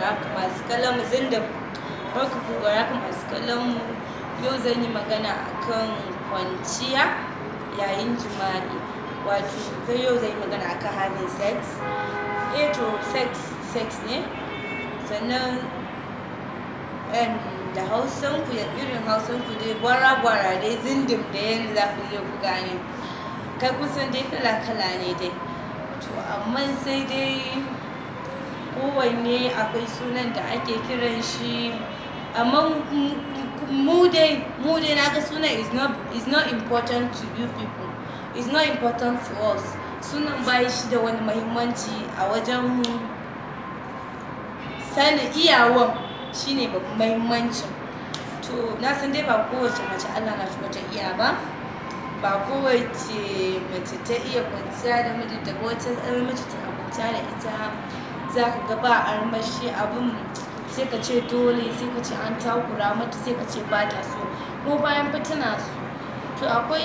haka masu kallon mu zinda barku ku ga haka masu kallon yau zan yi magana akan kwanciya yayin jima'i wato zai yau zan yi magana akan having sex eh to sex sex ne sannan da hausan ku irin hausan ku dai gwara-gwara dai zindim da yadda za ku iya ku gane kai kusan dai kala-kala ne dai to amma sai dai kowanne akwai sunan da ake kiran shi amma mu dai na ga sunan is not important to you people is not important to us sunan bai shi da wani mahimmanci a wajen mu sanin iyawan shine babban mahimmancin to na san dai ba kowace mace Allah na shi wata iya ba ba kowace mace ta iya kwanciya da mijinta ko wata mijinta ta kwanciya da ita zaka ga ba armashi abin sai ka ce dole sai ka ce an takura mata sai ka ce ba ta so ko bayan fa tana to akwai